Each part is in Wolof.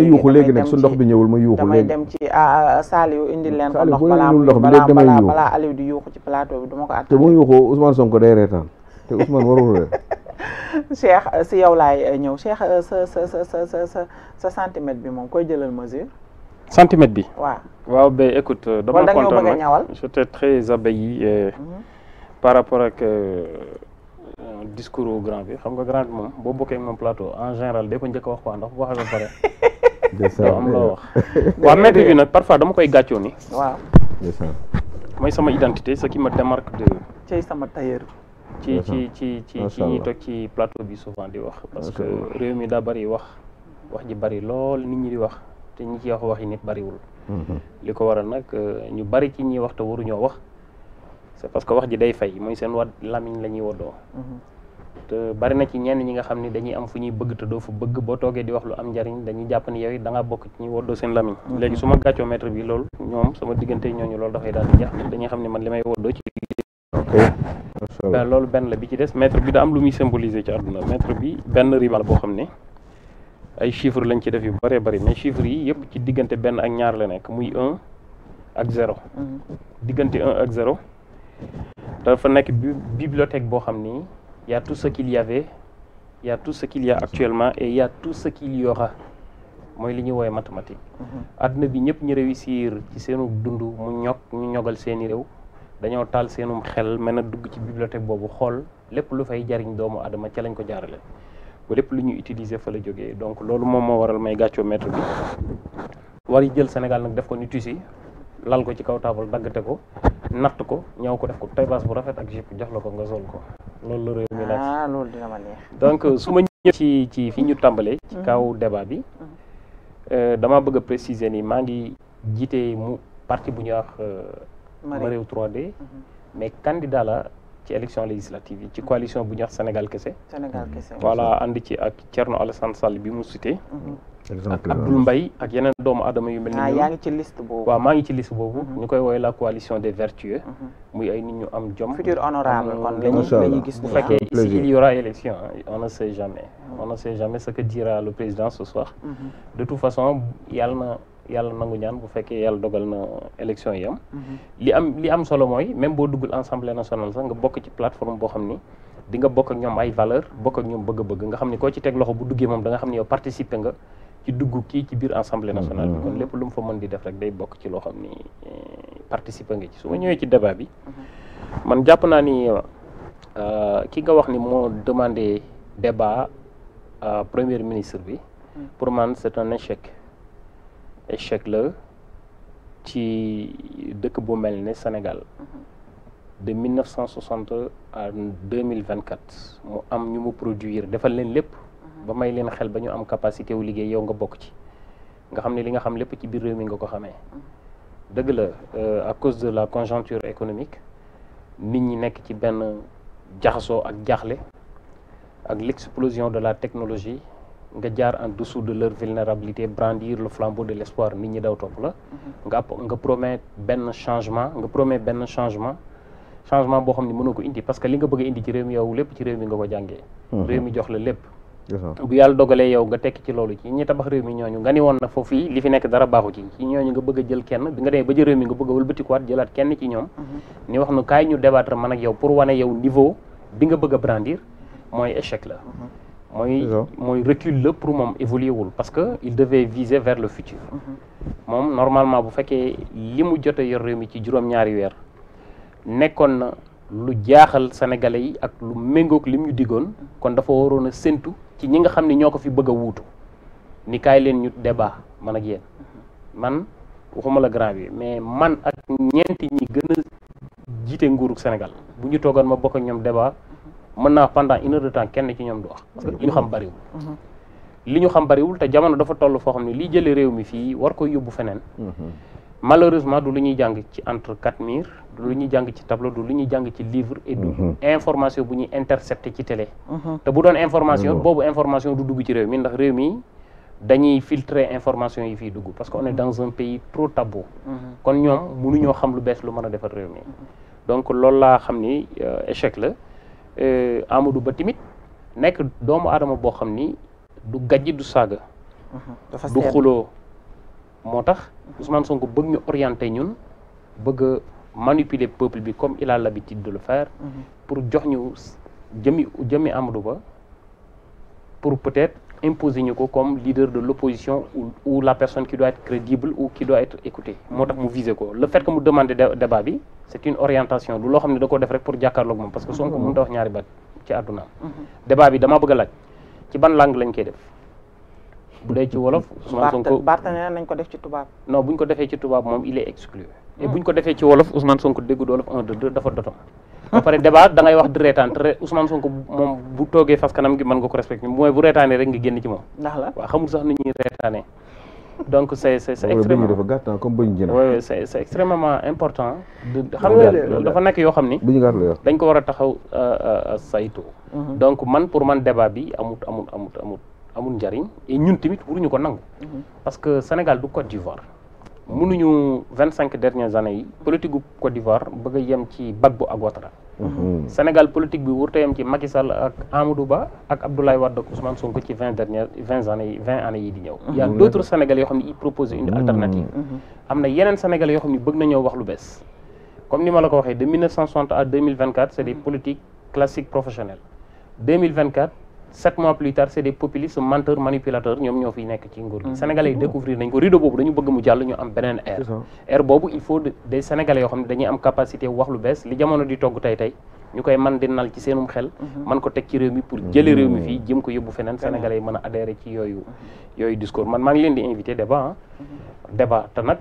damay yuuxu léegi nag su ndox bi ñëwul ma yuuxu ah, ah, léegi damay dem ci Saliou indil leen ko ndox balaa balaa balaa Aliou di yuuxu ci plateau bi du ma ko atte te mu yuuxu Ousmane Sonko day reetaan te Ousmane warul reer Cheikh euh, si yow laay euh, ñëw Cheikh euh, sa sa sa sa sa sa centimètre bi moom koy jëlal mesure centimètre bi waaw waaw ba écoute dama kontaan nag j'étais très abahi mhm. par rapport ak discours grand bi xam nga grand bi moom boo bokkee moom plateau en général day ko njëkk a wax quoi ndax bu waxee ba pare am loo wax waaw maître bi nag parfois dama koy gàccoo ni waaw mooy sama identité ce qui me démarque de cay sama tailleur ci ci ci ci ci ci plateau bi souvent di wax parce que réew mi daa bari wax wax ji bari lool nit ñi di wax te ñi ci wax wax yi nit bariwul mm-hmm. li ko waral nag euh, ñu bari ci ñiy wax te waruñoo wax c'est parce que wax ji day fay mooy seen wa lamiñ la ñuy woddoo mm-hmm. te bari na ci ñenn ñi nga xam ni dañuy am fu ñuy bëgg te doo fa bëgg boo toogee di wax lu am njariñ dañuy jàpp ni yow da nga bokk ci ñi woddoo seen lamiñ mm-hmm. léegi su ma gàccoo maître bi loolu ñoom sama diggante ñooñu loolu dafay daal di jeex dañuy xam ne man li may woddoo ci waaw loolu benn la bi ci des maître bi da am lu muy symboliser ci àdduna maître bi benn riba la boo xam ne ay chifre lañ ci def yu bëree bëri mais chiffres yi yëpp ci diggante benn ak ñaar la nekk muy un ak zéro mm-hmm. diggante ak zéro dafa nekk boo xam ni il y a tout ce qu'il y avait il actuellement et il y a tout ce mooy li ñuy woowee mathématique àdduna mhm. bi ñëpp ñu réussir ci seenu dund mu ñog ñu ñogal seeni réew dañoo taal seenu xel mën a dugg ci bibliothèque boobu xool lépp lu fay jariñ doomu adama ca lañ ko jaarale ba lépp lu ñu utiliser fa la jógee donc loolu moom moo waral may gàccoo maître bi war yi jël Sénégal nag def ko ni lal ko ci kaw taabal daggate ko natt ko ñaw ko def ko taybaas bu rafet ak jip jox la ko nga sol ko loolu la réew mi ah, donc su ma ñëw ci ci fi ñu tàmbalee ci hmm. kaw débat bi hmm. euh, dama bëgg a préciser ni maa ngi jiite mu parti bu ñuy wax ma réew 3 de mais candidat la ci élection législative yi ci coalition bu ñuy wax Sénégal kese Sénégal kese ci ak Thierno Alassane Sall bi mu cité hmm. ak Abdoul Mbaye ak yeneen doomu aadama yu mel ni ah, yaa ngi ci liste boobu waaw maa ngi ci liste boobu mhm. ñu koy woowee la coalition des vertueux mhm. muy ay nit ñu am jom bu fekkee ici il y aura li am solo mooy même boo duggul assemblée nationale sax nga bokk ci plateforme boo xam ni di nga ñoom ay valeur bokk ñoom bëgg-bëgg nga xam ni koo ci teg loxo bu duggee moom da xam ni yow participer nga dugg kii ci biir assemblée nationale bi mm-hmm. kon lépp lu mu fa mën di def rek day bokk ci loo xam ni eh, participer nga ci su ma ñëwee ci débat bi mm-hmm. man jàpp naa ni euh, ki nga wax ni moo demandé débat euh, première ministre bi mm-hmm. pour man c'est un échec échec la ci dëkk bu mel ne Sénégal de 1960 à 2024 mu am ñu mu produire defal leen lépp ba may leen xel ba ñu am capacité wu liggéey yow nga bokk ci nga xam ne li nga xam lépp ci biir réew mi nga ko xamee dëgg la euh, à cause de la conjoncture économique nit ñi nekk ci benn jaxasoo ak jaxle ak l'explosion de la technologie nga jaar en dessous de leur vulnérabilité brandir le flambeau de l'espoir nit ñi daw topp la nga nga promet benn changement nga promet benn changement changement boo xam ne mënoo ko indi parce que li nga bëgg a ci réew mi yow lépp ci réew nga ko jàngee mm-hmm. réew mi jox la lépp bu yàlla dogalee yow nga tekk ci loolu ci ñi tabax réew mi ñooñu nga ni woon nag foofu li fi nekk dara baaxu ci ci ñooñu nga bëgg a jël kenn bi nga demee ba réew mi nga bëgg a wëlbatikuwaat jëlaat kenn ci ñoom mm-hmm. ni wax nu kaay ñu débattre man ak yow pour wane yow niveau bi nga bëgg a brandir mooy échec la mm-hmm. mooy mooy recule la pour moom évoluer wul parce que il devait viser vers le futur mm-hmm. moom normalement bu fekkee li mu jot yor réew mi ci juróom-ñaari weer nekkoon na lu jaaxal sénégalais yi ak lu méngoog lim ñu diggoon kon ci ñi nga xam ne ñoo ko fi bëgg a wuutu ni kaay leen ñu débat man a yéen man waxuma la grand bi mais man ak ñeenti ñi gën a jiite nguurug Sénégal bu ñu toogoon ma bokk ak ñoom débat mën naa pendant une de temps kenn ci ñoom du wax parce que li ñu xam bariwul mhm. li ñu xam bariwul te jamono dafa toll foo xam ne lii jële réew mi fii war ko yóbbu feneen mhm. malheureusement du lu ñuy jàng ci entre quatre murs du lu ñuy jàng ci tableau du lu ñuy jàng ci livre et du mhm. information bu ñuy intercepté ci télé mhm. te bu doon information boobu information du dugg ci réew mi ndax réew mii dañuy filtrer information yi fii dugg parce que on est mhm. dans un pays trop tabou kon ñoom ñoo xam lu bees lu mën a defar réew mi donc loolu laa xam ni euh, échec la euh, Amadou Ba tamit nekk doomu aadama boo xam ni du gàjji du saaga du xuloo moo tax Ousmane Sonko bëgg ñu orienté ñun bëgg a manipuler peuple bi comme il a l'habitude de le fair mhm. pour jox ñu jëmi jëmi Amadou Ba pour peut-être imposer ñu ko comme leader de l'opposition ou, la personne qui doit être crédible ou qui doit être écoutée moo tax mu visé ko le fait que mu demandé débat bi c'est une orientation du loo xam ne da ko def rek pour jàkkaarloog moom parce que Sonko mhm. mënut a wax ñaari baat ci àddunaam mhm. débat bi dama bëgg a laaj ci ban langue lañ koy def bu dee ci wolof. Ousmane Sonko Barthélémy nañ ko def ci tubaab. non bu ñu ko defee ci tubaab moom il est exclu. et ah. bu ko defee ci wolof Ousmane Sonko déggu wolof un de deux dafa dotom. ba pare débat da ngay wax di reetaan te Ousmane Sonko moom bu toogee fas kanam gi mën nga ko respecté mooy bu reetaanee rek nga génn ci moom. ndax la waaw xamul sax ni ñuy reetaanee. donc c' est c' est extrêmement dafa gàtt ah, comme xam dafa nekk yoo xam ni. bu ñu dañ ko war a taxaw euh, euh, saytu. Mhm. donc man pour man débat bi amut amut amut amut. amul njariñ et ñun tamit waruñu ko nangu. Mhm. parce que Sénégal du Côte d'Ivoire. mënuñu vingt cinq dernières années yi politique gu Côte d'Ivoire bëgg a ci Gbagbo ak Ouattara. Mhm. Sénégal politique bi warut a yem ci Macky Sall ak Amadou Ba ak Abdoulaye Wade ak Ousmane Sonko ci vingt dernières vingt années yi vingt années yi di ñëw. y a mhm. d'autres yoo xam ne ils une alternative. am na yeneen Sénégalais yoo xam ne bëgg nañoo wax lu bees. comme ni ma la ko waxee de 1960 à sept mois plus tard c'est des populistes menteurs manipulateurs ñoom ñoo fi nekk ci nguur gi mm-hmm. sénégalais yi découvrir nañ ko rideau boobu dañu bëgg mu jàll ñu am beneen air air boobu il faut des sénégalais yoo xam ne dañuy am capacité wax bees li jamono di togg tey tey ñu koy man di nal ci seenum xel mm-hmm. man ko teg ci réew mi pour jële réew mi mm-hmm. fii jëm ko yóbbu feneen sénégalais mën a adhéré ci yooyu discours man maa leen di invité débat ah débat te nag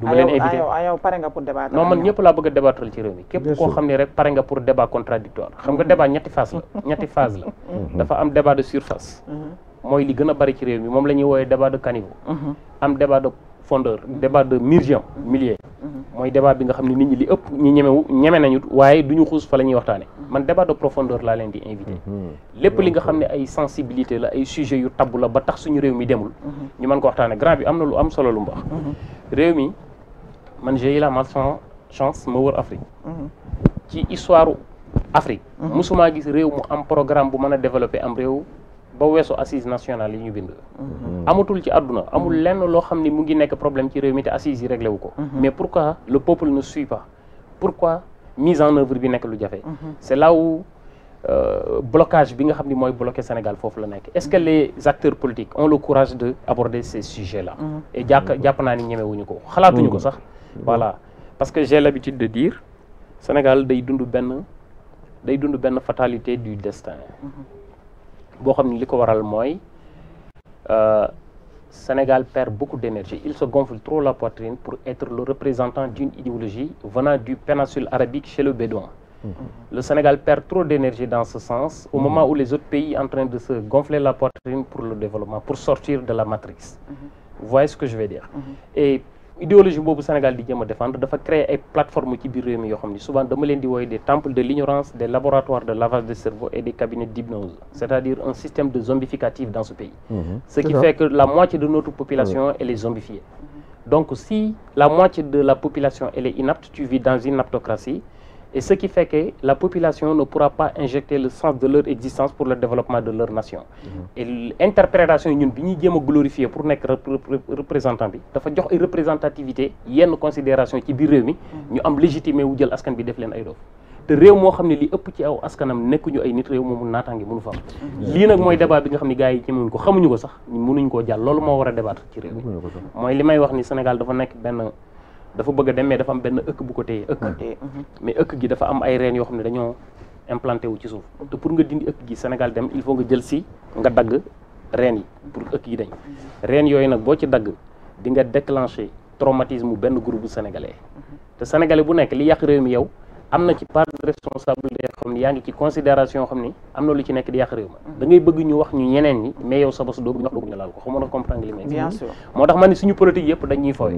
du ma leen invité yow man ñëpp laa bëgg a débattre ci réew mi képp koo xam ne rek pare nga pour débat contradictoire xam nga débat ñetti phase la ñetti phase la mhm. dafa am débat de surface mhm. mooy li gën a bari ci réew mi moom la ñuy wooyee débat de caniveau mhm. am débat de fondeur débat de mirgent mooy débat bi nga xam ne nit ñi li ëpp ñi ñemewu ñeme nañu waaye du ñu xuus fa ñuy waxtaane man débat de profondeur laa leen di invité lépp li nga xam ne ay sensibilité la ay sujet yu tabu la ba tax suñu réew mi demul ñu man ko waxtaane grand bi am na lu am solo lu mu réew mi man j'ai la malchance chance ma wër Afrique. Mhm. ci histoire Afrique. Mhm. musuma gis réew mu am programme bu man a développé am réew ba weesu assise nationale yi ñu bind. Mhm. amatul ci adduna amul lenn loo xam ni mu ngi nekk problème ci réew mi te assise yi réglé wu ko. mais pourquoi le peuple ne suit pas pourquoi mise en œuvre bi nekk lu jafe. c'est là où euh, blocage bi nga xam ni mooy bloqué Sénégal foofu la nekk est-ce que les acteurs politiques ont le courage de aborder ces sujets jàpp naa ni ñemewuñu ko xalaatuñu ko sax. voilà parce que j'ai l'habitude de dire Sénégal day dund benn day dund benn fatalité du destin mhm. boo xam ne li ko waral mooy euh, Sénégal perd beaucoup d'énergie il se gonfle trop la poitrine pour être le représentant d'une idéologie venant du péninsule arabique chez le bédouin mhm. le Sénégal perd trop d'énergie dans ce sens au mhm. moment où les autres pays en train de se gonfler la poitrine pour le développement pour sortir de la matrice vous voyez ce que je veux dire idéologie boobu Sénégal di jéem a défendre dafa créer ay plateformes ci biir mi yoo souvent dama leen di wooye des temples de l'ignorance des laboratoires de lavage de cerveau et des cabinets d'hypnose c'est-à-dire un système de zombificatif dans ce pays mhm. ce qui fait que la moitié de notre population elle est zombifiée donc si la moitié de la population est inapte tu dans une aptocratie Et ce qui fait que la population ne pourra pas injecter le sens de leur existence pour le développement de leur nation. Mhm. et interprétation ñun bi ñuy jéem glorifier pour nekk représentant bi dafa jox ay représentativité yenn considération ci biir réew mi. Mhm. ñu am légitimé wu jël askan bi def leen ay doof te réew moo xam ne li ëpp ci aw askanam nekkuñu ay nit réew moomu naataange mënu fa am. Mhm. lii nag mooy débat bi nga xam ne gars yi ci mënuñ ko ko sax moo a débattre ci réew mi. mooy li may dafa bëgg a dem mais dafa am benn ëkk bu ko téye ëkk mhm. mais ëkk gi dafa am ay reen yoo xam ne dañoo implanté wu ci suuf te pour nga dindi ëkk gi Sénégal dem il faut nga jël si nga dagg reen yi pour ëkk yi dañ mhm. reen yooyu nag boo ci dagg di nga déclenché traumatisme benn group bu sénégalais mhm. te sénégalais bu nekk li yàq réew mi yow am na ci part de responsabilité xam ni yaa ngi ci considération xam ni am na lu ci nekk di yàq réew ma da bëgg ñu wax ñu ñeneen ñi mais yow sa bos doo ñu wax doo ñu laal ko xam nga comprendre li may bien sûr moo tax man ni suñu politique yëpp dañuy fooy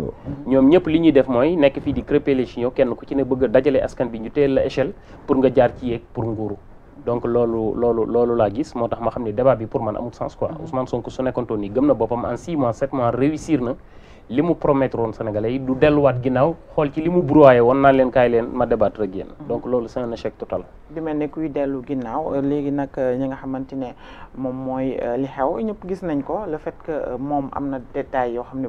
ñoom ñëpp li ñuy def mooy nekk fii di crêper les chignons kenn ku ci ne bëgg dajale askan bi ñu teel la échelle pour nga jaar ci yeeg pour nguuru donc loolu loolu loolu laa gis moo tax ma xam ne débat bi pour man amul sens quoi mhm. Ousmane Sonko su nekkoontoon ni gëm boppam en 6 mois réussir na li mu promettre woon Sénégalais du delluwaat ginnaaw xool ci li mu brouillé woon naan leen kaay leen ma débattre ak yéen mhm. donc loolu c'est un échec total. di mel ne dellu ginnaaw euh, léegi nag euh, ñi nga xamante ne moom mooy euh, li xew ñëpp gis nañ ko le fait que moom am na détail yoo xam ne.